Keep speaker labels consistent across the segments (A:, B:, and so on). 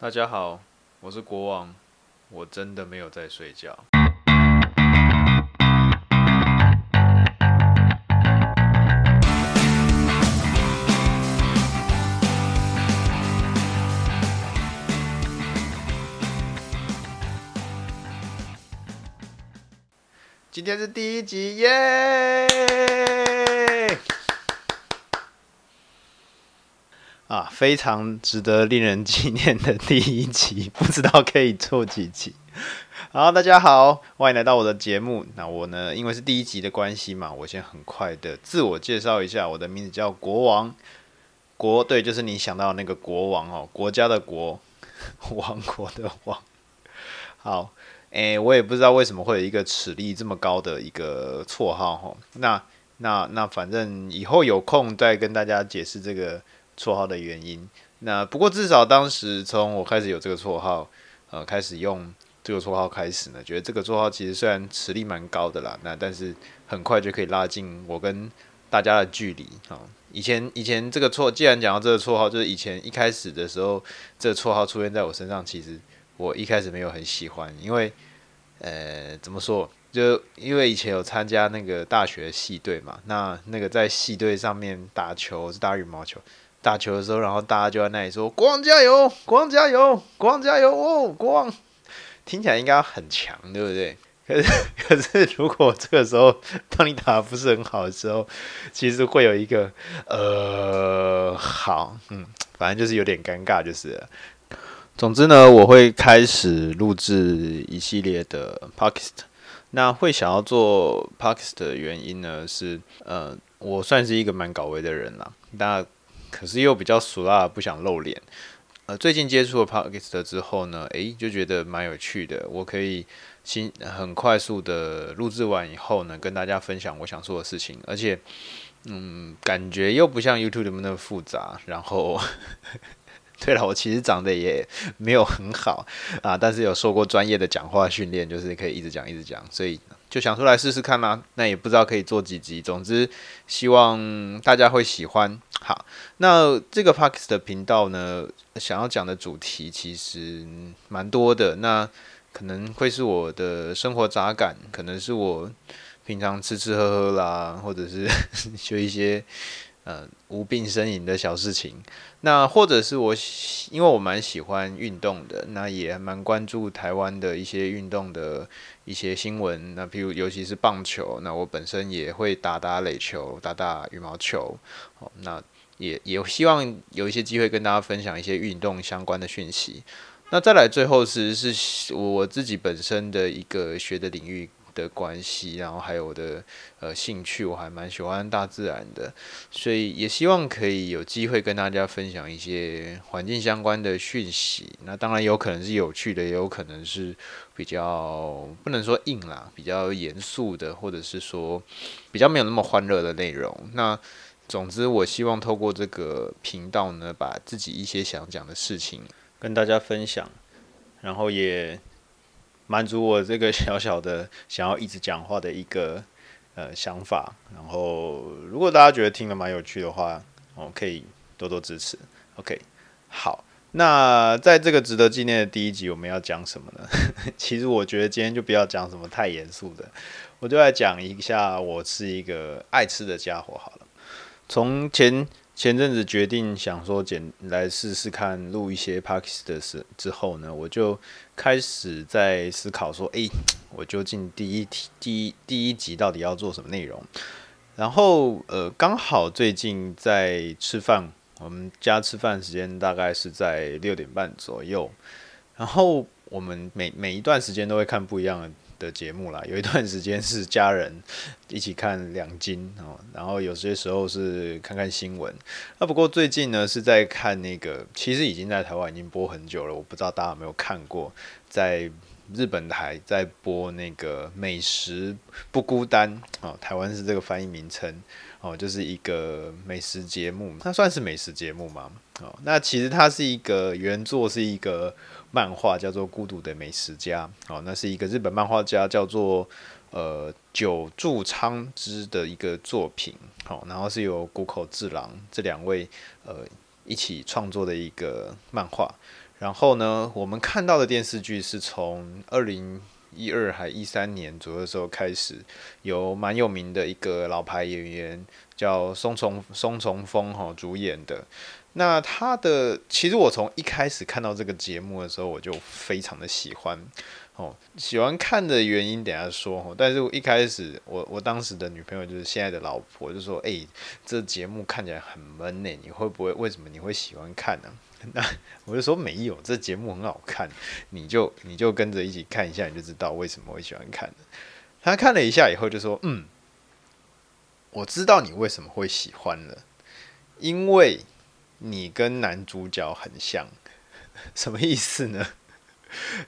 A: 大家好，我是國王，我真的沒有在睡覺。今天是第一集，耶、yeah!！啊，非常值得令人紀念的第一集，不知道可以做幾集。好，大家好，歡迎來到我的節目。那我呢，因為是第一集的關係嘛，我先很快的自我介紹一下，我的名字叫國王。國，對，就是你想到的那個國王哦，國家的國，王國的王。好，哎、欸，我也不知道為什麼會有一個實力這麼高的一個綽號哦。那那那，那那反正以後有空再跟大家解釋這個。綽號的原因，那不過至少當時從我開始有這個綽號，呃，開始用這個綽號開始呢，覺得這個綽號其實雖然實力蠻高的啦，那但是很快就可以拉近我跟大家的距離啊。以前以前這個綽，既然講到這個綽號，就是以前一開始的時候，這個綽號出現在我身上，其實我一開始沒有很喜歡，因為呃，怎麼說，就因為以前有參加那個大學系隊嘛，那那個在系隊上面打球是打羽毛球。打球的時候，然後大家就在那裡說“國王加油，國王加油，國王加油哦，國王！”聽起來應該很強，對不對？可是，可是如果這個時候，當你打得不是很好的時候，其實會有一個呃，好，嗯，反正就是有點尷尬，就是。總之呢，我會開始錄製一系列的 podcast，那會想要做 podcast 的原因呢，是呃，我算是一個蠻搞維的人啦，那。可是又比較俗辣，不想露臉。呃，最近接觸了 podcast 之後呢，誒、欸，就覺得蠻有趣的。我可以新很快速的錄制完以後呢，跟大家分享我想說的事情。而且，嗯，感覺又不像 YouTube 那麼複雜。然後， 對了，我其實長得也沒有很好啊，但是有受過專業的講話訓練，就是可以一直講一直講，所以。就想出來試試看啦，啊，那也不知道可以做幾集。總之，希望大家會喜歡。好，那這個 podcast 的頻道呢，想要講的主題其實蠻多的。那可能會是我的生活雜感，可能是我平常吃吃喝喝啦，或者是 學一些。呃，無病呻吟的小事情。那或者是我，因為我蠻喜歡運動的，那也蠻關注台灣的一些運動的一些新聞。那譬如，尤其是棒球。那我本身也會打打壘球，打打羽毛球。哦，那也也希望有一些機會跟大家分享一些運動相關的訊息。那再來，最後是是我自己本身的一個學的領域的關係，然後還有我的呃興趣，我還蠻喜歡大自然的，所以也希望可以有機會跟大家分享一些環境相關的訊息。那當然有可能是有趣的，也有可能是比較不能說硬啦，比較嚴肅的，或者是說比較沒有那麼歡樂的內容。那總之，我希望透過這個頻道呢，把自己一些想講的事情跟大家分享，然後也。滿足我這個小小的想要一直講話的一個呃想法，然後如果大家覺得聽了蠻有趣的話，我、哦、可以多多支持。OK，好，那在這個值得紀念的第一集，我們要講什麼呢？ 其實我覺得今天就不要講什麼太嚴肅的，我就來講一下我是一個愛吃的家伙好了。從前。前陣子決定想說剪來試試看錄一些 podcast 的時之後呢，我就開始在思考說，哎、欸,我究竟第一題第一第一集到底要做什麼內容？然後呃，剛好最近在吃飯，我們家吃飯時間大概是在六點半左右，然後我們每每一段時間都會看不一樣的。的節目啦，有一段時間是家人一起看兩金哦，然後有些時候是看看新聞。那不過最近呢，是在看那個，其實已經在台灣已經播很久了，我不知道大家有沒有看過，在日本台在播那個《美食不孤單》哦、喔，台灣是這個翻譯名稱哦、喔，就是一個美食節目，它算是美食節目嘛？哦、喔，那其實它是一個原作是一個。漫畫叫做《孤獨的美食家》，哦，那是一個日本漫畫家叫做呃久住昌之的一個作品，好、哦，然後是由谷口治郎這兩位呃一起創作的一個漫畫。然後呢，我們看到的電視劇是從二零一二還一三年左右的時候開始，由蠻有名的一個老牌演員叫松重松重豐哈、哦、主演的。那他的，其實我從一開始看到這個節目的時候，我就非常的喜歡哦，喜歡看的原因等一下說哦。但是我一開始我，我我當時的女朋友就是現在的老婆，就說：“誒，這節目看起來很悶嘞，你會不會為什麼你會喜歡看呢？”那我就說：“沒有，這節目很好看，你就你就跟着一起看一下，你就知道為什麼會喜歡看。”她看了一下以後就說：“嗯，我知道你為什麼會喜歡了，因為。”你跟男主角很像，什麼意思呢？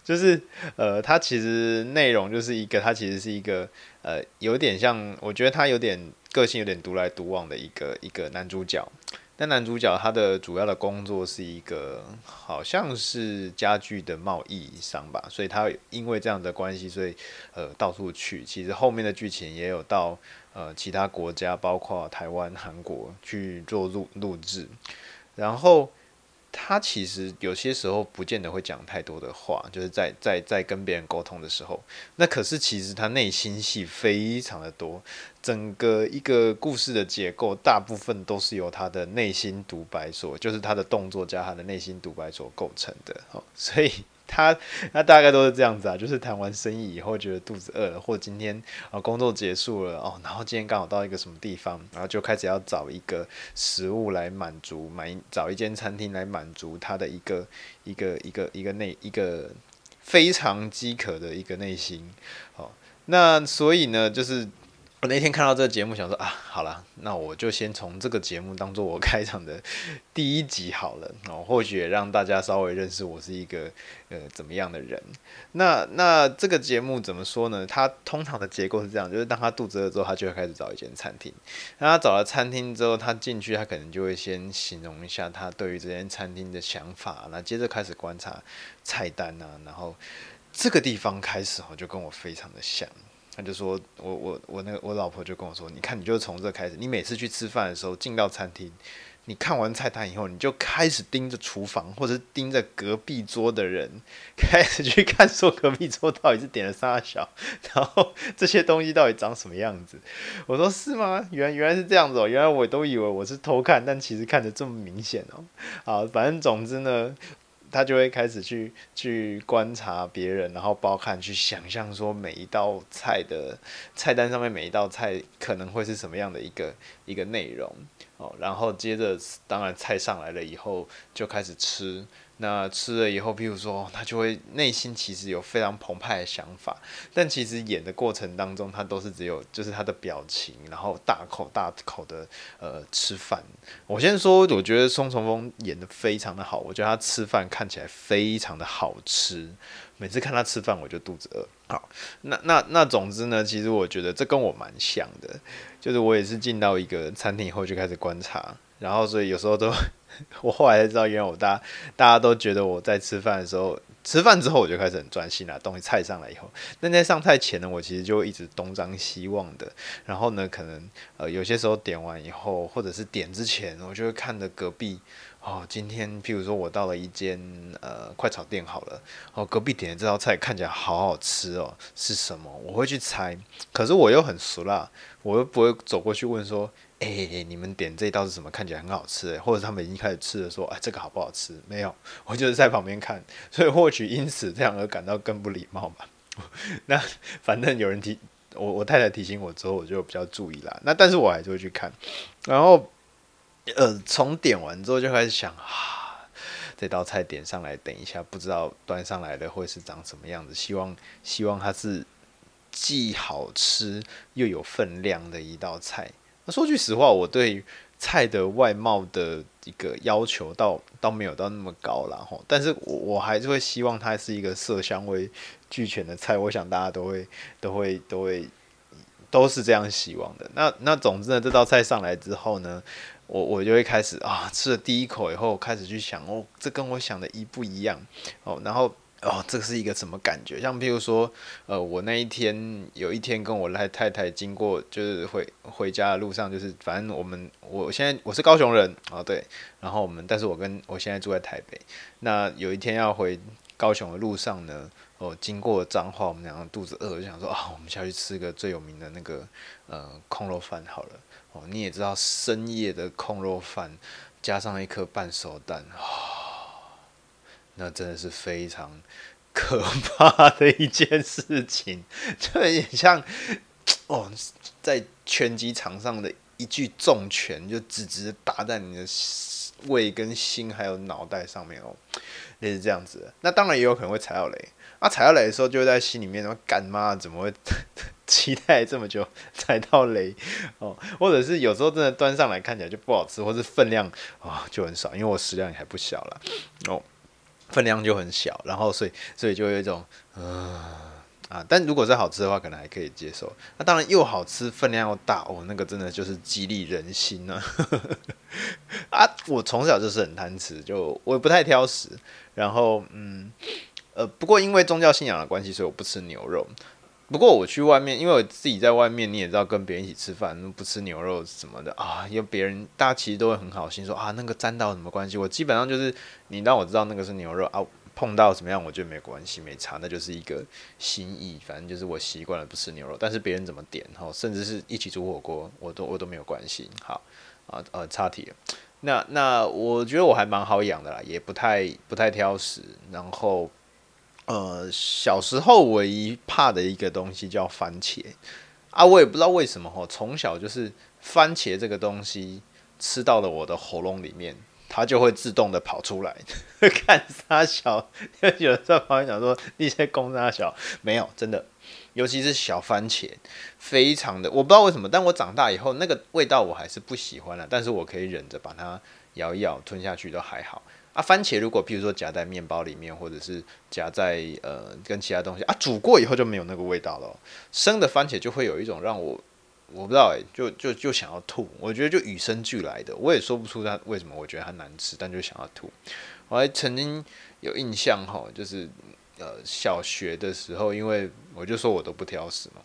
A: 就是呃，他其實內容就是一個，他其實是一個呃，有點像，我覺得他有點個性，有點獨來獨往的一個一個男主角。但男主角他的主要的工作是一個，好像是家具的貿易商吧，所以他因為這樣的關係，所以呃到處去。其實後面的劇情也有到呃其他國家，包括台灣、韓國去做錄錄製。然後他其實有些時候不見得會講太多的話，就是在在在跟別人溝通的時候，那可是其實他內心戲非常的多，整個一個故事的結構大部分都是由他的內心獨白所，就是他的動作加他的內心獨白所構成的，哦，所以。他那大概都是這樣子啊，就是談完生意以後，覺得肚子餓了，或今天啊、呃、工作結束了哦，然後今天剛好到一個什麼地方，然後就開始要找一個食物來滿足，買找一間餐廳來滿足他的一個一個一個一個內一個非常飢渴的一個內心。哦。那所以呢，就是。我那天看到這個節目，想說啊，好了，那我就先從這個節目當做我開場的第一集好了。那或許也讓大家稍微認識我是一個呃怎麼樣的人。那那這個節目怎麼說呢？它通常的結構是這樣，就是當他肚子餓之後，他就會開始找一間餐廳。那他找了餐廳之後，他進去，他可能就會先形容一下他對於這間餐廳的想法，那接着開始觀察菜單啊，然後這個地方開始哦，就跟我非常的像。他就說：“我我我那個我老婆就跟我說，你看你就從這開始，你每次去吃飯的時候，進到餐廳，你看完菜單以後，你就開始盯着廚房，或者盯着隔壁桌的人，開始去看說隔壁桌到底是點了啥小，然後這些東西到底長什麼樣子。”我說：“是嗎？原原來是這樣子哦、喔，原來我都以為我是偷看，但其實看得這麼明顯哦、喔。好，反正總之呢。”他就會開始去去觀察別人，然後包含去想象說，每一道菜的菜單上面每一道菜可能會是什麼樣的一個一個內容哦，然後接着當然菜上來了以後就開始吃。那吃了以後，譬如說他就會內心其實有非常澎湃的想法，但其實演的過程當中，他都是只有就是他的表情，然後大口大口的呃吃飯。我先說，我覺得松重豐演得非常的好，我覺得他吃飯看起來非常的好吃，每次看他吃飯我就肚子餓。好，那那那總之呢，其實我覺得這跟我蠻像的，就是我也是進到一個餐廳以後就開始觀察。然後，所以有時候都，我後來才知道，因為我大大家都覺得我在吃飯的時候，吃飯之後我就開始很專心啊，東西菜上來以後，但在上菜前呢，我其實就一直東張西望的。然後呢，可能呃有些時候點完以後，或者是點之前，我就會看着隔壁哦，今天譬如說我到了一間呃快炒店好了，哦隔壁點的這道菜看起來好好吃哦，是什麼？我會去猜，可是我又很俗辣，我又不會走過去問說。哎、欸，你們點這道是什麼？看起來很好吃耶，或者他們已經開始吃了說，說、欸、哎，這個好不好吃？沒有，我就是在旁邊看，所以或許因此這樣而感到更不禮貌吧。 那反正有人提我，我太太提醒我之後，我就比較注意啦。那但是我還是會去看，然後呃，從點完之後就開始想啊，這道菜點上來，等一下不知道端上來的會是長什麼樣子，希望希望它是既好吃又有分量的一道菜。說句實話，我對菜的外貌的一個要求倒，倒倒沒有到那麼高了哈。但是我，我還是會希望它是一個色香味俱全的菜。我想大家都會都會都會都是這樣希望的。那那總之呢，這道菜上來之後呢，我我就會開始啊，吃了第一口以後，開始去想哦，這跟我想的一不一樣哦，然後。哦，這是一個什麼感覺？像譬如說，呃，我那一天有一天跟我太太經過，就是回回家的路上，就是反正我們，我現在我是高雄人啊，哦，對，然後我們，但是我跟我現在住在台北，那有一天要回高雄的路上呢，哦，經過彰化，我們兩個肚子餓，就想說啊，哦，我們下去吃個最有名的那個呃控肉飯好了。哦，你也知道，深夜的控肉飯加上一顆半熟蛋哦那真的是非常可怕的一件事情，就有點像哦，在拳擊場上的一記重拳，就直直打在你的胃、跟心，還有腦袋上面哦，類似這樣子的。那當然也有可能會踩到雷啊，踩到雷的時候，就會在心裡面說：“幹嘛，怎麼會期待這麼久踩到雷？”哦，或者是有時候真的端上來看起來就不好吃，或是分量啊、哦、就很少，因為我食量也還不小了哦。分量就很小，然後所以所以就會有一種，啊、呃、啊！但如果是好吃的話，可能還可以接受。那、啊、當然又好吃，分量又大哦，那個真的就是激勵人心呢、啊。 啊，我從小就是很貪吃，就我也不太挑食，然後嗯呃，不過因為宗教信仰的關係，所以我不吃牛肉。不過我去外面，因為我自己在外面，你也知道跟別人一起吃飯，不吃牛肉什麼的啊，因為別人大家其實都會很好心說啊，那個沾到什麼關係？我基本上就是你讓我知道那個是牛肉啊，碰到什麼樣我覺得沒關係，沒差，那就是一個心意。反正就是我習慣了不吃牛肉，但是別人怎麼點哈，甚至是一起煮火鍋，我都我都沒有關係。好啊呃，岔題了。那那我覺得我還蠻好養的啦，也不太不太挑食，然後。呃，小時候唯一怕的一個東西叫番茄，啊，我也不知道為什麼從小就是番茄這個東西吃到了我的喉嚨裡面，它就會自動的跑出來， 看沙小， 有的時候朋友講說那些攻沙小，沒有，真的，尤其是小番茄，非常的，我不知道為什麼，但我長大以後那個味道我還是不喜歡了，但是我可以忍着把它咬一咬吞下去都還好。啊，番茄如果譬如說夾在面包裡面，或者是夾在呃跟其他東西啊，煮過以後就沒有那個味道了。生的番茄就會有一種讓我我不知道哎，就就就想要吐。我覺得就與生俱來的，我也說不出它為什麼我覺得它難吃，但就想要吐。我還曾經有印象哈，就是呃小學的時候，因為我就說我都不挑食嘛，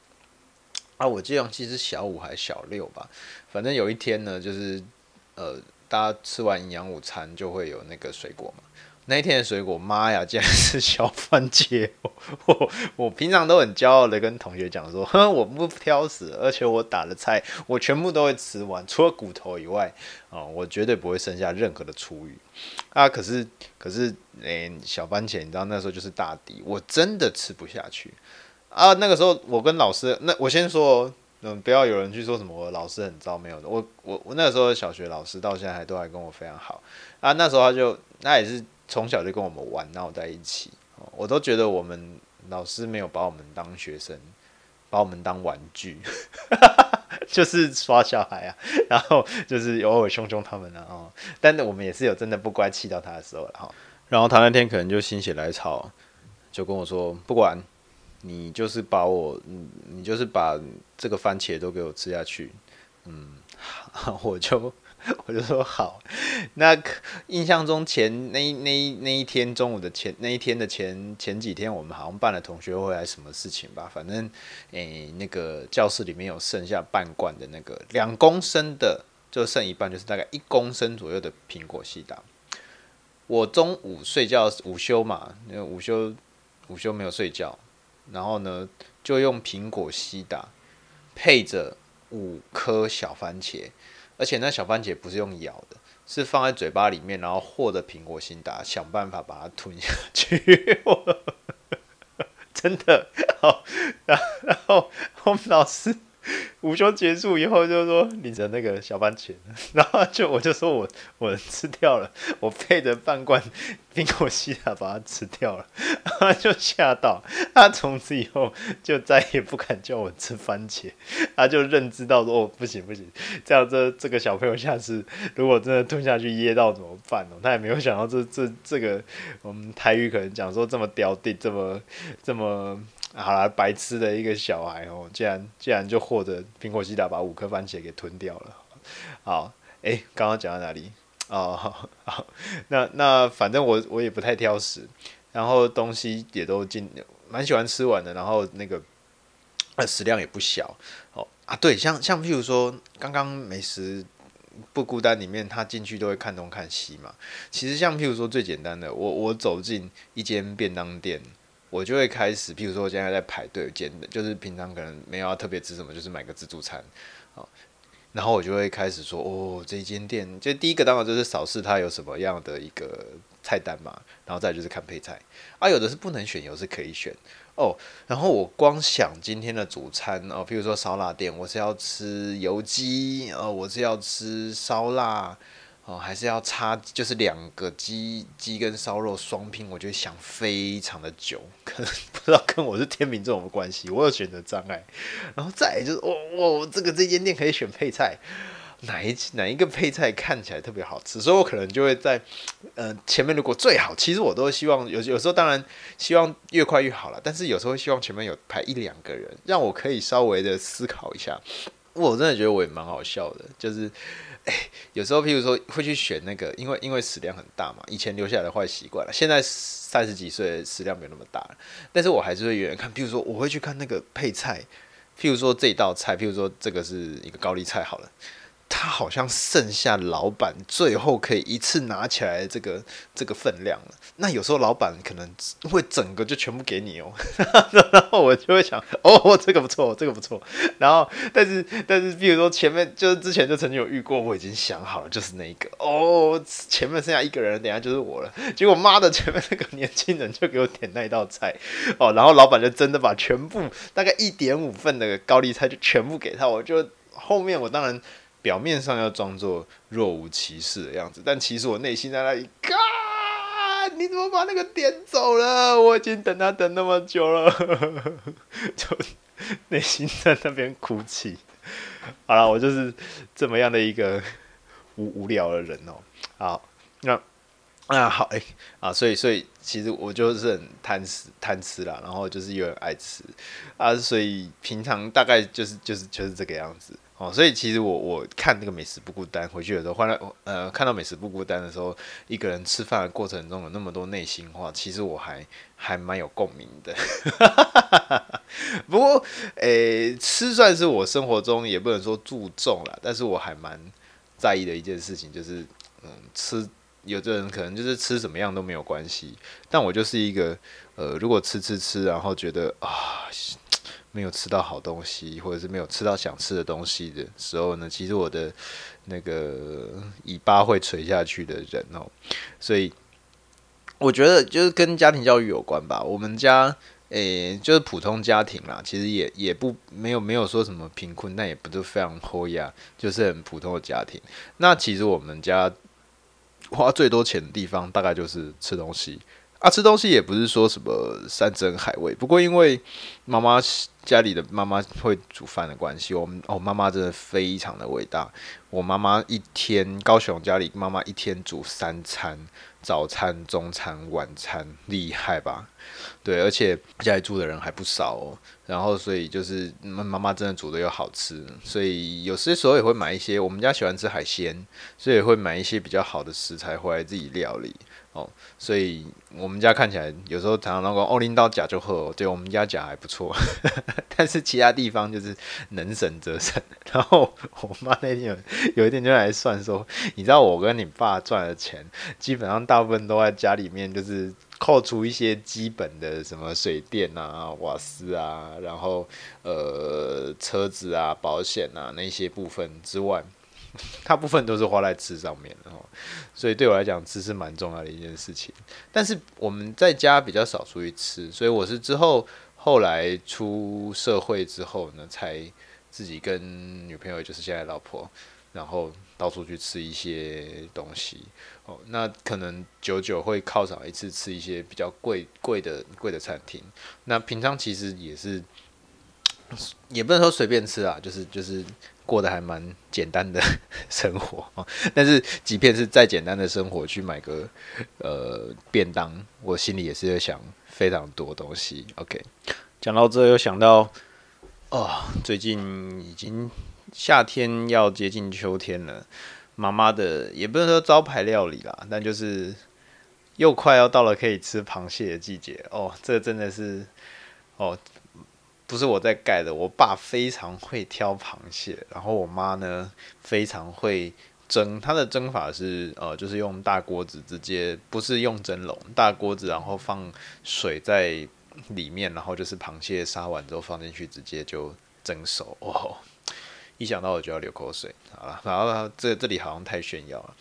A: 啊我記得其實小五還小六吧，反正有一天呢，就是呃。大家吃完營養午餐就會有那個水果嘛？那一天的水果，媽呀，竟然是小番茄！呵呵，我平常都很驕傲的跟同學講說，哼，我不挑食，而且我打的菜我全部都會吃完，除了骨頭以外，啊、呃，我絕對不會剩下任何的廚餘。啊，可是可是，誒、欸，小番茄，你知道那時候就是大敵，我真的吃不下去啊！那個時候我跟老師，那我先說。嗯，不要有人去說什麼我老師很糟，沒有的，我我我那時候小學老師到現在還都還跟我非常好啊，那時候他就那也是從小就跟我們玩鬧在一起，哦，我都覺得我們老師沒有把我們當學生，把我們當玩具， 就是耍小孩啊，然後就是偶爾凶凶他們啊，哦，但我們也是有真的不乖氣到他的時候了哈，哦，然後他那天可能就心血來潮，就跟我說不管。你就是把我，嗯，你就是把這個番茄都給我吃下去，嗯，好，我就我就說好。那印象中前那那一那一天中午的前那一天的前前幾天，我們好像辦了同學會還什麼事情吧？反正誒、欸，那個教室裡面有剩下半罐的那個兩公升的，就剩一半，就是大概一公升左右的蘋果西打。我中午睡覺午休嘛，午休午休沒有睡覺。然後呢，就用蘋果西打配着五顆小番茄，而且那小番茄不是用咬的，是放在嘴巴裡面，然後和着蘋果西打，想辦法把它吞下去。 真的好，然後我們老師。午休結束以後，就是說領着那個小番茄，然後就我就說我我吃掉了，我配着半罐蘋果西打把它吃掉了，然後他就嚇到他，從此以後就再也不敢叫我吃番茄，他就認知到說哦不行不行，這樣這這個小朋友下次如果真的吞下去噎到怎麼辦哦？他也沒有想到這這這個我們台語可能講說這麼刁定，這麼這麼。好啦，白痴的一個小孩哦、喔，竟然竟然就獲得蘋果西打把五顆番茄給吞掉了。好，誒、欸，剛剛講到哪裡？哦，好，好那那反正我我也不太挑食，然後東西也都進，蠻喜歡吃完的，然後那個食量也不小。哦啊，對，像像譬如說，剛剛美食不孤單裡面，他進去都會看東看西嘛。其實像譬如說最簡單的，我我走進一間便當店。我就會開始，譬如說，我現在在排隊，簡的就是平常可能沒有要特別吃什麼，就是買個自助餐，啊，然後我就會開始說，哦，這一間店，就第一個當然就是掃視它有什麼樣的一個菜單嘛，然後再就是看配菜，啊，有的是不能選，有的是可以選，哦，然後我光想今天的主餐，哦，譬如說燒臘店，我是要吃油雞，哦，我是要吃燒臘。哦，還是要插，就是兩個雞雞跟燒肉雙拼，我就會想非常的久，可能不知道跟我是天秤這種關係，我有選擇障礙。然後再就是，我、哦、我、哦、這個這間店可以選配菜，哪一哪一個配菜看起來特別好吃，所以我可能就會在，嗯、呃，前面如果最好，其實我都希望有，有時候當然希望越快越好啦，但是有時候希望前面有排一兩個人，讓我可以稍微的思考一下。我真的覺得我也蠻好笑的，就是，哎、欸，有時候譬如說會去選那個，因為因為食量很大嘛，以前留下來的壞習慣了，現在三十幾歲食量沒有那麼大了，但是我還是會遠遠看，譬如說我會去看那個配菜，譬如說這一道菜，譬如說這個是一個高麗菜好了，它好像剩下老板最後可以一次拿起來的這個這個分量了。那有時候老闆可能會整個就全部給你哦， 然後我就會想，哦，這個不錯，這個不錯。然後，但是，但是，比如說前面就是之前就曾經有遇過，我已經想好了，就是那一個哦，前面剩下一個人，等下就是我了。結果媽的，前面那個年輕人就給我點那一道菜哦，然後老闆就真的把全部大概一點五份的高麗菜就全部給他，我就後面我當然表面上要裝作若無其事的樣子，但其實我內心在那裡，嘎、啊。你怎麼把那個點走了？我已經等他等那麼久了， 就內心在那邊哭泣。好啦，我就是這麼樣的一個無無聊的人哦、喔。好，那、啊、那好，哎、欸、啊，所以所以其實我就是很貪吃貪吃啦，然後就是又很愛吃啊，所以平常大概就是就是就是這個樣子。哦，所以其實我我看那個美食不孤單，回去的時候，換了呃看到美食不孤單的時候，一個人吃飯的過程中有那麼多內心話，其實我還還蠻有共鳴的。 不過，誒、欸，吃算是我生活中也不能說注重啦，但是我還蠻在意的一件事情，就是嗯，吃。有的人可能就是吃什麼樣都沒有關係，但我就是一個呃，如果吃吃吃，然後覺得啊。沒有吃到好東西，或者是沒有吃到想吃的東西的時候呢，其實我的那個尾巴會垂下去的人哦，所以我覺得就是跟家庭教育有關吧。我們家誒、欸，就是普通家庭啦，其實也也不沒有沒有說什麼貧困，但也不是非常富呀，就是很普通的家庭。那其實我們家花最多錢的地方大概就是吃東西啊，吃東西也不是說什麼山珍海味，不過因為媽媽。家裡的媽媽會煮飯的關係，我們哦，媽媽真的非常的偉大。我媽媽一天高雄家裡媽媽一天煮三餐，早餐、中餐、晚餐，厲害吧？對，而且家裡住的人還不少哦。然後，所以就是媽媽真的煮得又好吃，所以有些時、時候也會買一些。我們家喜歡吃海鮮，所以也會買一些比較好的食材回來自己料理。哦，所以我們家看起來有時候常常那個哦，拎到甲就喝，對，我們家甲還不錯， 但是其他地方就是能省則省。然後我媽那天有，有一天就來算說，你知道我跟你爸賺的錢，基本上大部分都在家裡面，就是。扣除一些基本的什麼水電啊、瓦斯啊，然後呃車子啊、保險啊那些部分之外，大部分都是花在吃上面的哦。所以對我來講，吃是蠻重要的一件事情。但是我們在家比較少出去吃，所以我是之後後來出社會之後呢，才自己跟女朋友，就是現在的老婆，然後到處去吃一些東西。那可能久久會犒賞一次，吃一些比較貴貴的貴的餐廳。那平常其實也是，也不能說隨便吃啊，就是就是過得還蠻簡單的生活。但是即便是再簡單的生活，去買個呃便當，我心裡也是在想非常多東西。OK，講到這又想到，哦，最近已經夏天要接近秋天了。媽媽的也不是說招牌料理啦，但就是又快要到了可以吃螃蟹的季節哦，這真的是哦，不是我在蓋的，我爸非常會挑螃蟹，然後我媽呢非常會蒸，她的蒸法是呃，就是用大鍋子直接，不是用蒸籠，大鍋子然後放水在裡面，然後就是螃蟹殺完之後放進去，直接就蒸熟哦。一想到我就要流口水，好了，然後這這裡好像太炫耀了。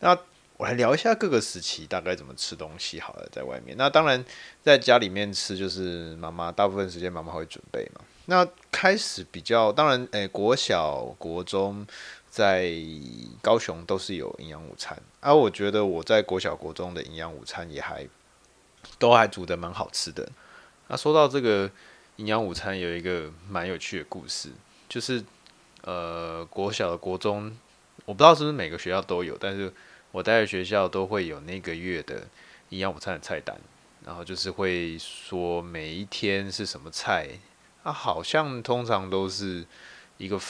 A: 那我來聊一下各個時期大概怎麼吃東西好了，在外面。那當然在家裡面吃，就是媽媽大部分時間媽媽會準備嘛。那開始比較，當然，誒、欸，國小、國中在高雄都是有營養午餐，而、啊、我覺得我在國小、國中的營養午餐也還都還煮得蠻好吃的。那說到這個營養午餐，有一個蠻有趣的故事，就是。呃，國小的國中，我不知道是不是每個學校都有，但是我待在學校都會有那個月的營養午餐的菜單，然後就是會說每一天是什麼菜，啊，好像通常都是一個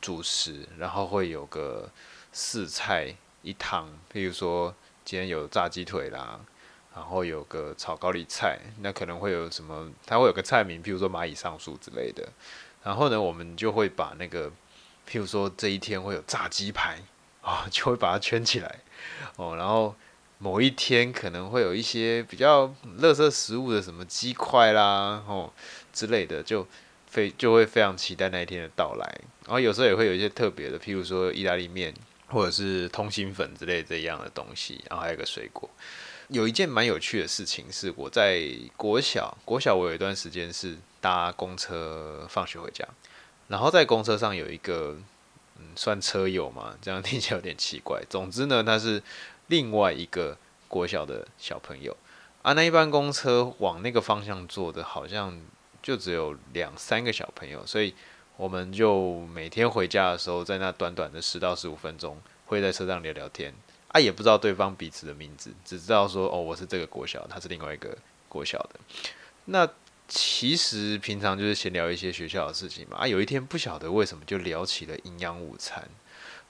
A: 主食，然後會有個四菜一湯，譬如說今天有炸雞腿啦，然後有個炒高麗菜，那可能會有什麼，它會有個菜名，譬如說螞蟻上樹之類的，然後呢，我們就會把那個。譬如說這一天會有炸雞排，啊、喔，就會把它圈起來，哦、喔，然後某一天可能會有一些比較垃圾食物的，什麼雞塊啦，哦、喔，之類的，就非就會非常期待那一天的到來。然後有時候也會有一些特別的，譬如說意大利麵或者是通心粉之類的這一樣的東西。然後還有個水果，有一件蠻有趣的事情是我在國小，國小我有一段時間是搭公車放學回家。然後在公車上有一個，嗯，算車友嘛，這樣聽起來有點奇怪。總之呢，他是另外一個國小的小朋友啊。那一班公車往那個方向坐的，好像就只有兩三個小朋友，所以我們就每天回家的時候，在那短短的十到十五分鐘，會在車上聊聊天啊，也不知道對方彼此的名字，只知道說哦，我是這個國小，他是另外一個國小的。那其實平常就是閒聊一些學校的事情嘛啊，有一天不曉得為什麼就聊起了營養午餐，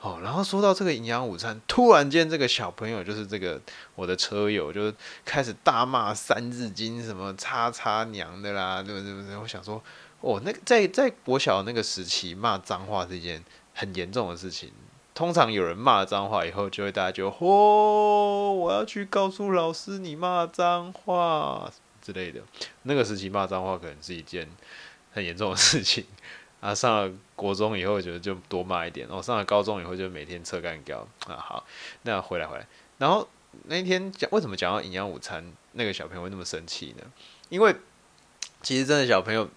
A: 哦，然後說到這個營養午餐，突然間這個小朋友就是這個我的車友，就開始大罵三字經什麼叉叉娘的啦，對不對？我想說，哦，那個在在我小的那個時期，罵髒話是一件很嚴重的事情。通常有人罵髒話以後，就會大家就，哦，我要去告訴老師你罵髒話。之類的，那個時期罵髒話可能是一件很嚴重的事情啊。上了國中以後，我覺得就多罵一點，然後、哦、上了高中以後，就每天測幹掉啊。好，那回來回來。然後那一天講為什麼講到營養午餐，那個小朋友會那麼生氣呢？因為其實真的小朋友。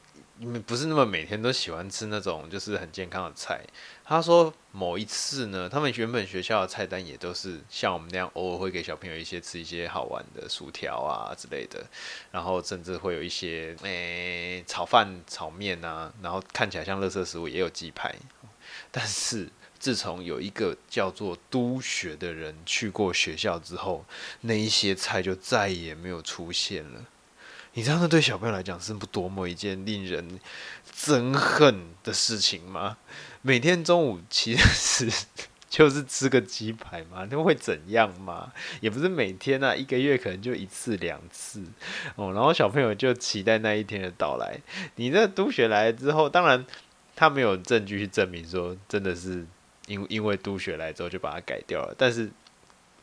A: 你們不是那麼每天都喜歡吃那種就是很健康的菜。他說某一次呢，他們原本學校的菜單也都是像我們那樣，偶爾會給小朋友一些吃一些好玩的薯條啊之類的，然後甚至會有一些誒、欸、炒飯、炒麵啊，然後看起來像垃圾食物，也有雞排。但是自從有一個叫做督學的人去過學校之後，那一些菜就再也沒有出現了。你知道那對小朋友來講是不多麼一件令人憎恨的事情嗎？每天中午其實是就是吃個雞排嘛，那會怎樣嘛？也不是每天啊，一個月可能就一次兩次哦。然後小朋友就期待那一天的到來。你這督學來了之後，當然他沒有證據去證明說真的是因為因為督學來之後就把它改掉了，但是。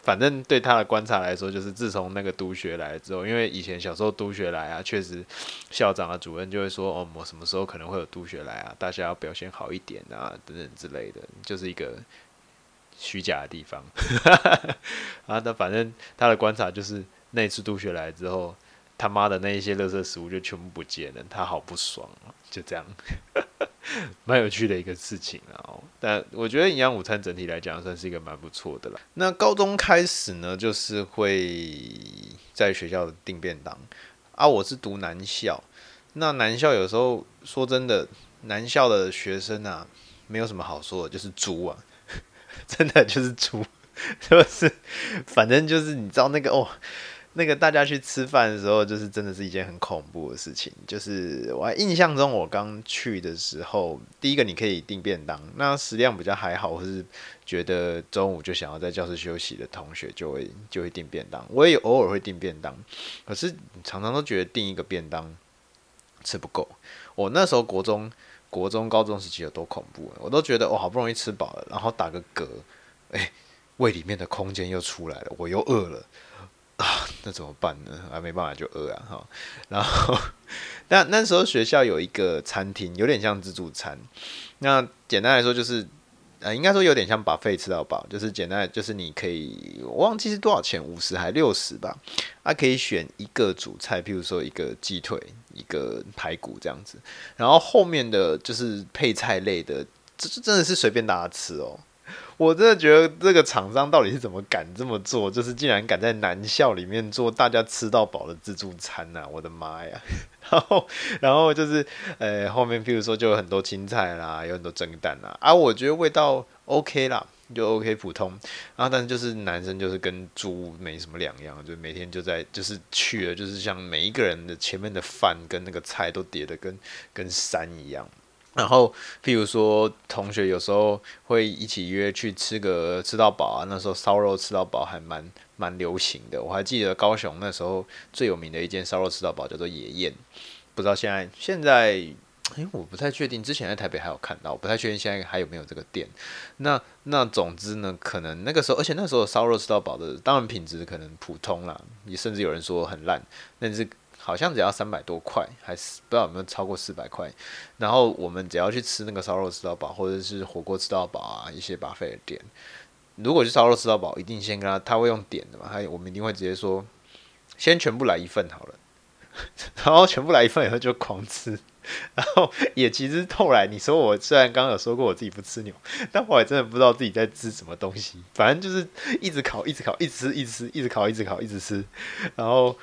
A: 反正對他的觀察來說，就是自從那個督學來之後，因為以前小時候督學來啊，確實校長啊、主任就會說，哦，我什麼時候可能會有督學來啊？大家要表現好一點啊，等等之類的，就是一個虛假的地方 啊。那反正他的觀察就是，那次督學來之後，他媽的那一些垃圾食物就全部不見了，他好不爽啊，就這樣。 蠻有趣的一個事情啊、喔，但我覺得營養午餐整體來講算是一個蠻不錯的啦。那高中開始呢，就是會在學校訂便當啊。我是讀男校，那男校有時候說真的，男校的學生啊，沒有什麼好說的，就是豬啊，真的就是豬，就是反正就是你知道那個哦、oh。那個大家去吃飯的時候，就是真的是一件很恐怖的事情。就是我還印象中，我剛去的時候，第一個你可以訂便當。那食量比較還好，或是覺得中午就想要在教室休息的同學就，就會就訂便當。我也偶爾會訂便當，可是常常都覺得訂一個便當吃不夠。我那時候國中、國中、高中時期有多恐怖，我都覺得我好不容易吃飽了，然後打個嗝，誒、欸，胃裡面的空間又出來了，我又餓了。啊，那怎麼辦呢？啊，沒辦法就餓啊，哈。然後，那那時候學校有一個餐廳，有點像自助餐。那簡單來說就是，呃，應該說有點像 buffet 吃到飽，就是簡單就是你可以，我忘記是多少錢，五十還六十吧？啊，可以選一個主菜，譬如說一個雞腿、一個排骨這樣子。然後後面的就是配菜類的，這這真的是隨便大家吃哦。我真的覺得這個廠商到底是怎麼敢這麼做？就是竟然敢在男校裡面做大家吃到飽的自助餐吶啊！我的媽呀！ 然後，然後就是，呃，後面比如說就有很多青菜啦，有很多蒸蛋啦，啊，我覺得味道 OK 啦，就 OK 普通。啊，但是就是男生就是跟豬沒什麼兩樣，就每天就在就是去了，就是像每一個人的前面的飯跟那個菜都疊得跟跟山一樣。然後，譬如說，同學有時候會一起約去吃個吃到飽啊。那時候燒肉吃到飽還蠻蠻流行的。我還記得高雄那時候最有名的一間燒肉吃到飽叫做野宴，不知道現在現在，哎，我不太確定。之前在台北還有看到，我不太確定現在還有沒有這個店。那那總之呢，可能那個時候，而且那時候燒肉吃到飽的當然品質可能普通啦，也甚至有人說很爛，但是。好像只要三百多塊，還是不知道有沒有超過四百塊。然後我們只要去吃那個燒肉吃到飽，或者是火鍋吃到飽啊，一些 buffet 的店。如果去燒肉吃到飽，一定先跟他，他會用點的嘛？他我們一定會直接說，先全部來一份好了。 然後全部來一份以後就狂吃。然後也其實後來你說我雖然剛剛有說過我自己不吃牛，但我也真的不知道自己在吃什麼東西。反正就是一直烤，一直烤，一直吃，一直吃，一直烤，一直烤，一直吃。然後。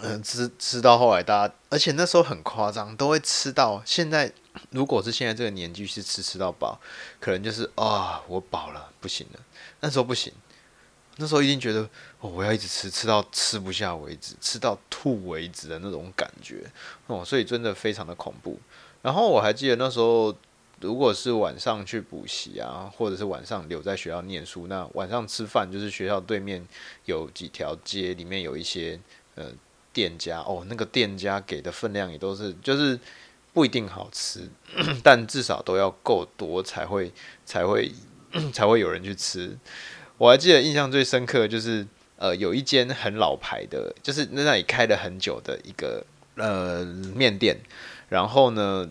A: 嗯，吃吃到後來，大家，而且那時候很誇張，都會吃到現在。如果是現在這個年紀去吃，吃到飽，可能就是啊，哦，我飽了，不行了。那時候不行，那時候一定覺得哦，我要一直吃，吃到吃不下為止，吃到吐為止的那種感覺哦，所以真的非常的恐怖。然後我還記得那時候，如果是晚上去補習啊，或者是晚上留在學校念書，那晚上吃飯就是學校對面有幾條街，裡面有一些呃。店家哦，那個店家給的分量也都是，就是不一定好吃， 但至少都要夠多才會才會才會有人去吃。我還記得印象最深刻就是，呃，有一間很老牌的，就是在那裡開了很久的一個 呃麵店，然後呢。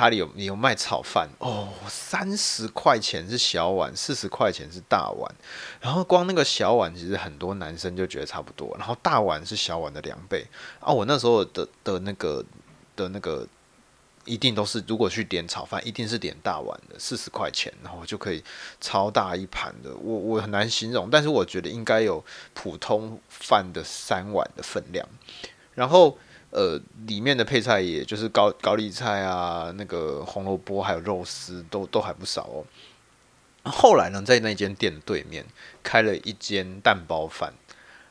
A: 家裡有，有賣炒飯哦，三十塊錢是小碗，四十塊錢是大碗。然後光那個小碗，其實很多男生就覺得差不多。然後大碗是小碗的兩倍啊！我那時候的的那個的那個，那個一定都是如果去點炒飯，一定是點大碗的，四十塊錢，然後就可以超大一盤的。我我很難形容，但是我覺得應該有普通飯的三碗的分量。然後呃，裡面的配菜也就是高高麗菜啊，那個紅蘿蔔還有肉絲都都還不少哦。後來呢，在那間店對面開了一間蛋包飯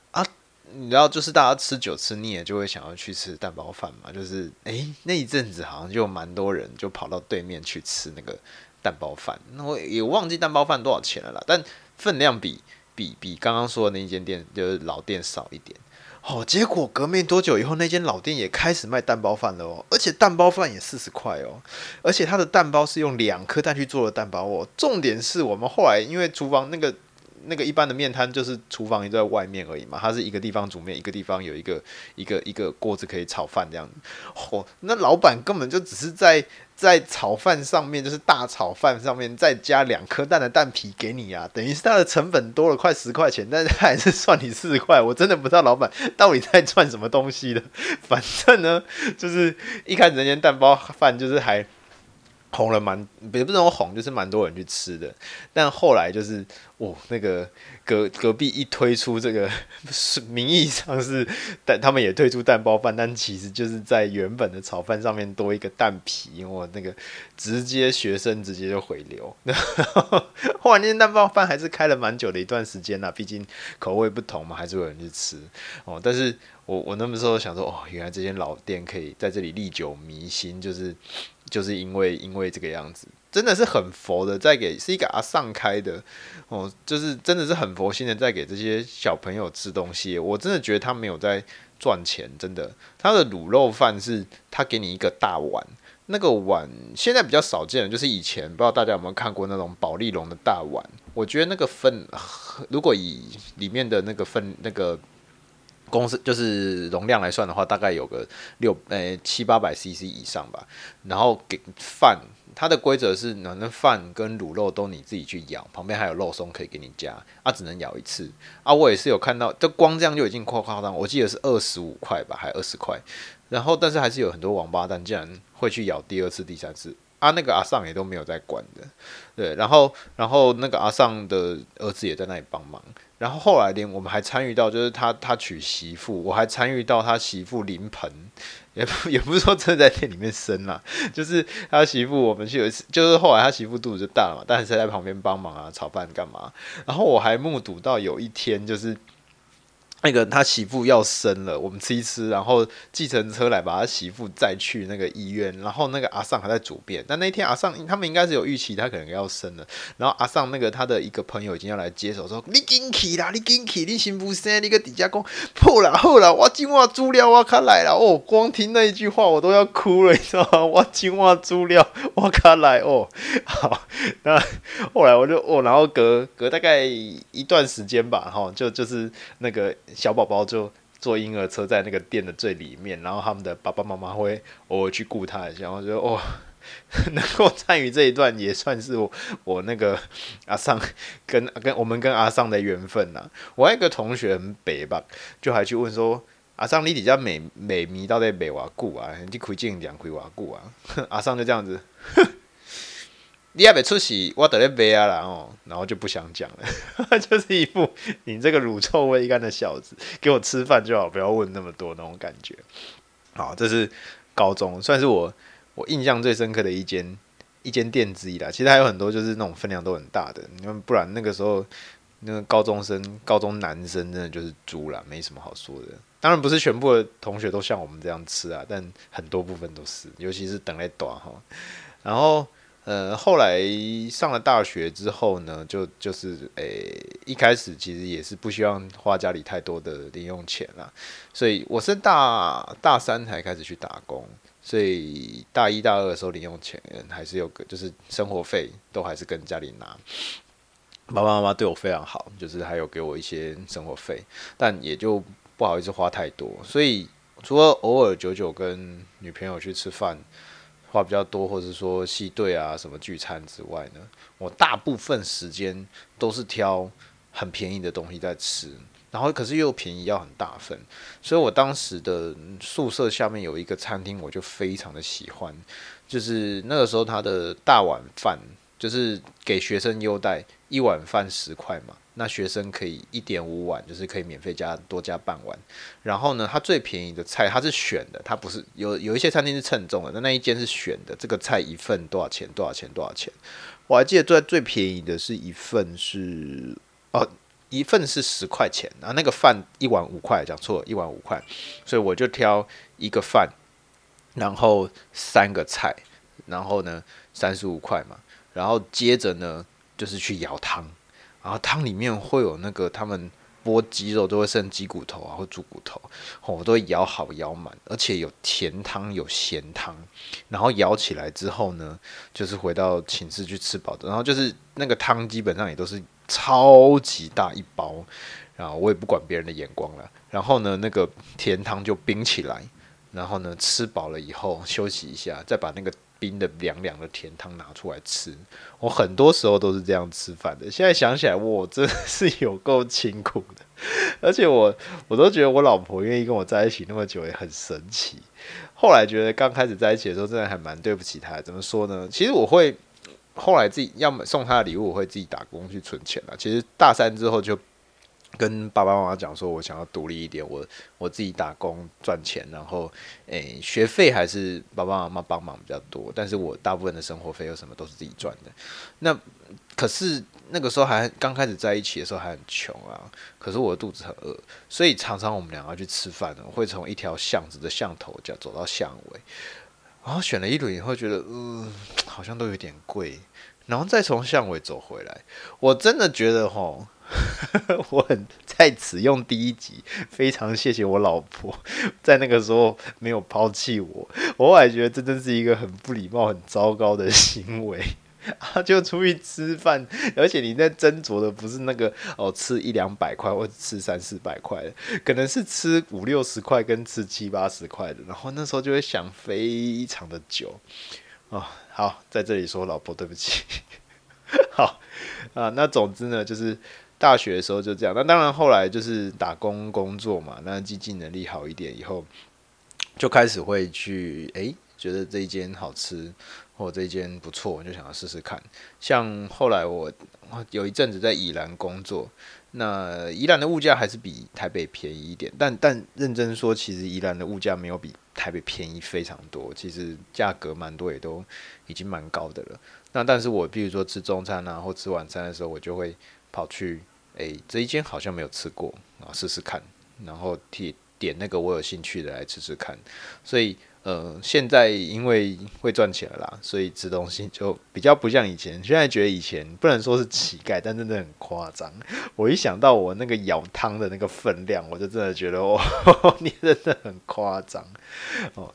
A: 啊，你知道，就是大家吃久吃膩了，就會想要去吃蛋包飯嘛。就是哎，欸，那一陣子好像就蠻多人就跑到對面去吃那個蛋包飯。那我也忘記蛋包飯多少錢了啦，但分量比比比剛剛說的那間店就是老店少一點。哦，結果隔沒多久以後，那間老店也開始賣蛋包飯了哦，而且蛋包飯也四十塊哦，而且它的蛋包是用兩顆蛋去做的蛋包哦。重點是我們後來因為廚房那個那個一般的麵攤就是廚房也在外面而已嘛，它是一個地方煮麵，一個地方有一個一個一個鍋子可以炒飯這樣。哦，那老闆根本就只是在。在炒飯上面就是大炒飯上面再加兩顆蛋的蛋皮給你啊，等於是它的成本多了快十塊錢，但是他還是算你四十塊。我真的不知道老闆到底在賺什麼東西的，反正呢，就是一看人家蛋包飯就是還紅了蠻，也不是說我紅，就是蠻多人去吃的。但後來就是。哦，那個隔隔壁一推出這個，是名義上是蛋，他們也推出蛋包飯，但其實就是在原本的炒飯上面多一個蛋皮。我那個直接學生直接就回流。後來 那蛋包飯還是開了蠻久的一段時間啦，畢竟口味不同嘛，還是有人去吃哦。但是我我那時候想說，哦，原來這些老店可以在這裡歷久彌新，就是就是因為因為這個樣子。真的是很佛的，在給是一個阿桑開的，哦，就是真的是很佛心的，在給這些小朋友吃東西。我真的覺得他沒有在賺錢，真的。他的滷肉飯是他給你一個大碗，那個碗現在比較少見的就是以前不知道大家有沒有看過那種保麗龍的大碗。我覺得那個份，如果以裡面的那個份那個公司就是容量來算的話，大概有個六呃、欸、七八百 CC 以上吧。然後給飯。它的規則是，那頓飯跟滷肉都你自己去咬，旁邊還有肉鬆可以給你加，啊，只能咬一次，啊，我也是有看到，就光這樣就已經誇張，我記得是二十五塊吧，還二十塊，然後但是還是有很多王八蛋竟然會去咬第二次、第三次，啊，那個阿桑也都沒有在管的，對，然後然後那個阿桑的兒子也在那裡幫忙。然後後來連我們還參與到，就是他他娶媳婦，我還參與到他媳婦臨盆，也不也不是說真的在店裡面生啦，啊，就是他媳婦我們去有一次，就是後來他媳婦肚子就大了嘛，但是在旁邊幫忙啊，炒飯幹嘛？然後我還目睹到有一天就是。那個他媳婦要生了，我們吃一吃，然後計程車來把他媳婦載去那個醫院，然後那個阿桑還在主編。但那天阿桑他們應該是有預期他可能要生了，然後阿桑那個他的一個朋友已經要來接手說，說你緊去啦，你緊去，你幸福生，你個底加工，破了，後了，我今晚豬料哇看來了哦，光聽那一句話我都要哭了，你知道嗎？哇今晚豬料哇看來哦，好，那後來我就哦，然後隔隔大概一段時間吧，哈，就就是那個。小寶寶就坐嬰兒車在那個店的最裡面，然後他們的爸爸媽媽會偶爾去顧他一下。我覺得哦，能夠參與這一段也算是我我那個阿桑跟跟我們跟阿桑的緣分吶、啊。我還有一個同學很北吧，就還去問說：“阿桑你，你比較美美迷到底美娃顧啊？你可以進兩回娃顧啊？”阿桑就這樣子。你還沒出息，我得來背啊，了。後然後就不想講了， 就是一副你這個乳臭未乾的小子，給我吃飯就好，不要問那麼多那種感覺。好，這是高中，算是我我印象最深刻的一間一間店之一啦。其實還有很多，就是那種分量都很大的，因為不然那個時候，那個高中生、高中男生真的就是豬啦，沒什麼好說的。當然不是全部的同學都像我們這樣吃啊，但很多部分都是，尤其是等來短哈，然後。呃、嗯，後來上了大學之後呢，就就是，誒、欸，一開始其實也是不希望花家裡太多的零用錢啦，所以我是大大三才開始去打工，所以大一大二的時候零用錢還是有，就是生活費都還是跟家裡拿，爸爸媽媽對我非常好，就是還有給我一些生活費，但也就不好意思花太多，所以除了偶爾久久跟女朋友去吃飯，話比較多，或者說戲隊啊什麼聚餐之外呢，我大部分時間都是挑很便宜的東西在吃，然後可是又便宜要很大份，所以我當時的宿舍下面有一個餐廳，我就非常的喜歡，就是那個時候他的大碗飯就是給學生優待，一碗飯十塊嘛。那學生可以一點五碗，就是可以免費加多加半碗。然後呢，它最便宜的菜它是選的，它不是有有一些餐廳是稱重的，那那一間是選的。這個菜一份多少錢？多少錢？多少錢？我還記得最最便宜的是一份是哦，一份是十塊錢。然後，啊，那個飯一碗五塊，講錯了，一碗五塊。所以我就挑一個飯，然後三個菜，然後呢三十五塊嘛。然後接着呢就是去舀湯。然後湯裡面會有那個他們剝雞肉都會剩雞骨頭啊，或豬骨頭，我、哦、都會舀好舀滿，而且有甜湯有鹹湯，然後舀起來之後呢，就是回到寢室去吃飽的。然後就是那個湯基本上也都是超級大一包，然後我也不管別人的眼光了，然後呢那個甜湯就冰起來，然後呢吃飽了以後休息一下，再把那個。冰的涼涼的甜湯拿出來吃，我很多時候都是這樣吃飯的。現在想起來，我真的是有夠辛苦的，而且我我都覺得我老婆願意跟我在一起那麼久也很神奇。後來覺得剛開始在一起的時候，真的還蠻對不起她。怎麼說呢？其實我會後來自己要麼送她的禮物，我會自己打工去存錢了、啊。其實大三之後就。跟爸爸媽媽講說，我想要獨立一點，我我自己打工賺錢，然後，誒、欸，學費還是爸爸媽媽幫忙比較多，但是我大部分的生活費有什麼都是自己賺的。那可是那個時候還剛開始在一起的時候還很窮啊，可是我的肚子很餓，所以常常我們兩個去吃飯呢，會從一條巷子的巷頭走走到巷尾，然後選了一輪以後覺得，嗯，好像都有點貴，然後再從巷尾走回來，我真的覺得吼。 我很在此用第一集，非常謝謝我老婆，在那個時候沒有拋棄我，我。我還覺得這真是一個很不禮貌、很糟糕的行為啊！就出去吃飯，而且你在斟酌的不是那個哦，吃一兩百塊或者吃三四百塊的，可能是吃五六十塊跟吃七八十塊的。然後那時候就會想非常的久哦。好，在這裡說老婆，對不起。好啊，那總之呢，就是。大學的時候就這樣，那當然後來就是打工工作嘛。那經濟能力好一點以後，就開始會去誒、欸，覺得這一間好吃或這一間不錯，就想要試試看。像後來我有一陣子在宜蘭工作，那宜蘭的物價還是比台北便宜一點，但但認真說，其實宜蘭的物價沒有比台北便宜非常多。其實價格蠻多也都已經蠻高的了。那但是我比如說吃中餐啊或吃晚餐的時候，我就會跑去。哎、欸，這一間好像沒有吃過啊，試試看。然後提點那個我有興趣的來吃吃看。所以，呃，現在因為會賺錢了啦，所以吃東西就比較不像以前。現在覺得以前不能說是乞丐，但真的很誇張。我一想到我那個舀湯的那個分量，我就真的覺得哇、哦，你真的很誇張哦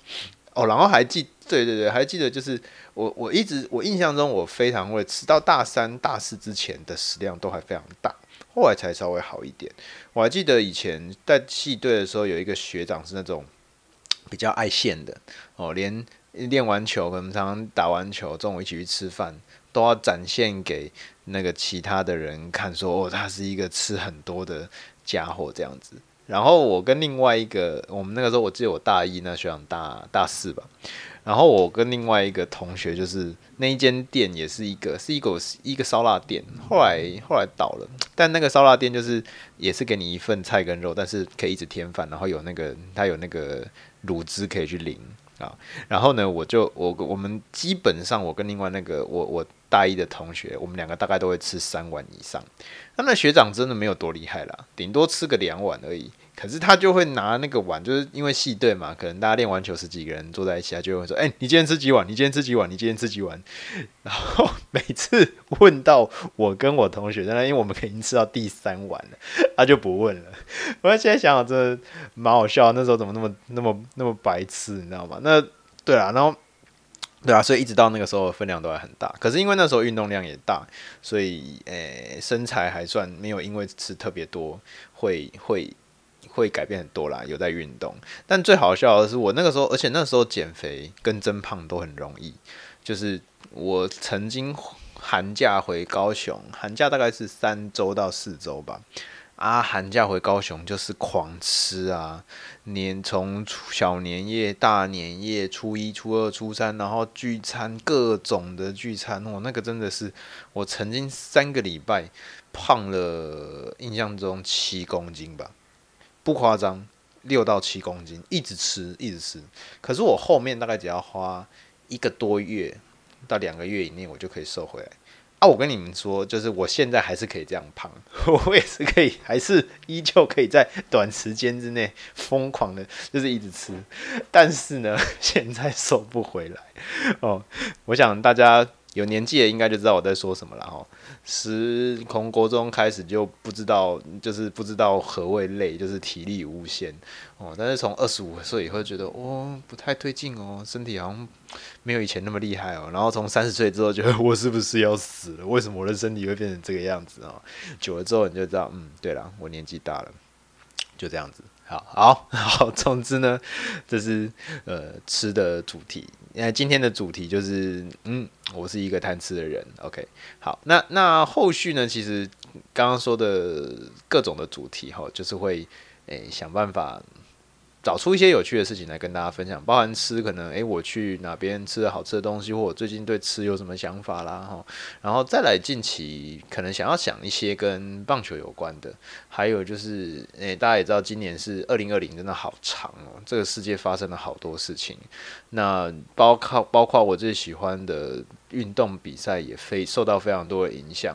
A: 哦。然後還記，對對對，還記得就是我我一直我印象中我非常會吃，到大三大四之前的食量都還非常大。後來才稍微好一點。我還記得以前在系隊的時候，有一個學長是那種比較愛現的哦，連練完球跟他們常常打完球中午一起去吃飯，都要展現給那個其他的人看說，說哦，他是一個吃很多的傢伙這樣子。然後我跟另外一個，我們那個時候我記得我大一，那個學長大大四吧。然後我跟另外一個同學，就是那一間店也是一個是一個一個燒臘店，後來後來倒了。但那個燒臘店就是也是給你一份菜跟肉，但是可以一直添飯，然後有那個它有那個滷汁可以去淋啊。然後呢，我就我我們基本上我跟另外那個我我大一的同學，我們兩個大概都會吃三碗以上。那那學長真的沒有多厲害啦，頂多吃個兩碗而已。可是他就會拿那個碗，就是因為系隊嘛，可能大家練完球十幾個人坐在一起，他就會說：“哎、欸，你今天吃幾碗？你今天吃幾碗？你今天吃幾碗？”然後每次問到我跟我同學，那因為我們已經吃到第三碗了，他就不問了。我現在想想，真的蠻好笑。那時候怎麼那麼那麼那麼白痴，你知道嗎？那對啊，然後對啊，所以一直到那個時候分量都還很大。可是因為那時候運動量也大，所以呃、欸，身材還算沒有因為吃特別多會會。會會改變很多啦，有在運動。但最好笑的是，我那個時候，而且那時候減肥跟增胖都很容易。就是我曾經寒假回高雄，寒假大概是三周到四周吧。啊，寒假回高雄就是狂吃啊！年從小年夜、大年夜、初一、初二、初三，然後聚餐各種的聚餐，哦，那個真的是我曾經三個禮拜胖了，印象中七公斤吧。不誇張，六到七公斤，一直吃，一直吃。可是我後面大概只要花一個多月到兩個月以內，我就可以瘦回來。啊，我跟你們說，就是我現在還是可以這樣胖，我也是可以，還是依舊可以在短時間之內瘋狂的，就是一直吃。嗯、但是呢，現在瘦不回來哦。我想大家有年紀的應該就知道我在說什麼了哦。時，從國中開始就不知道，就是不知道何謂累，就是體力無限哦。但是從二十五歲以後覺得哦，不太對勁哦，身體好像沒有以前那麽厲害哦。然後從三十歲之後就覺得我是不是要死了？為什麼我的身體會變成這個樣子哦？久了之後你就知道，嗯，對啦，我年紀大了，就這樣子。好好好，總之呢，這是呃吃的主題。那今天的主題就是，嗯，我是一個貪吃的人。OK，好，那那後續呢？其實剛剛說的各種的主題，哈，就是會誒、欸、想辦法。找出一些有趣的事情來跟大家分享，包含吃，可能誒、欸，我去哪邊吃了好吃的東西，或我最近對吃有什麼想法啦，哈，然後再來近期可能想要想一些跟棒球有關的，還有就是，誒、欸，大家也知道，今年是二零二零，真的好長哦，這個世界發生了好多事情，那包括包括我最喜歡的運動比賽也非受到非常多的影響。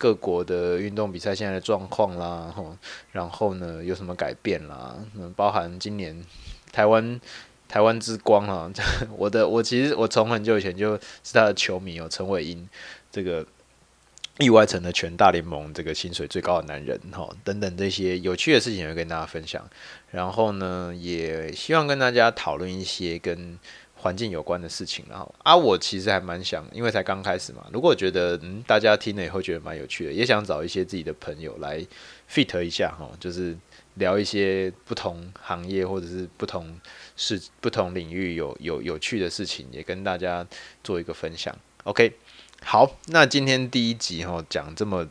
A: 各國的運動比賽現在的狀況啦吼，然後呢，有什麼改變啦？包含今年台灣台灣之光啊，我的我其實我從很久以前就是他的球迷哦、喔。陳偉殷這個意外成了全大聯盟這個薪水最高的男人吼，等等這些有趣的事情也會跟大家分享。然後呢，也希望跟大家討論一些跟環境有關的事情，然後啊，啊我其實還蠻想，因為才剛開始嘛。如果覺得嗯，大家聽了以後覺得蠻有趣的，也想找一些自己的朋友來 fit 一下哈，就是聊一些不同行業或者是不同事，不同領域有有有趣的事情，也跟大家做一個分享。OK，好，那今天第一集哈，講這麼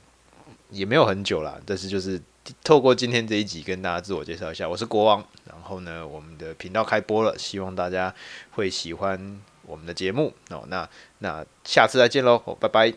A: 也沒有很久啦，但是就是。透過今天這一集跟大家自我介紹一下，我是國王。然後呢，我們的頻道開播了，希望大家會喜歡我們的節目。哦，那那下次再見嘍，拜拜。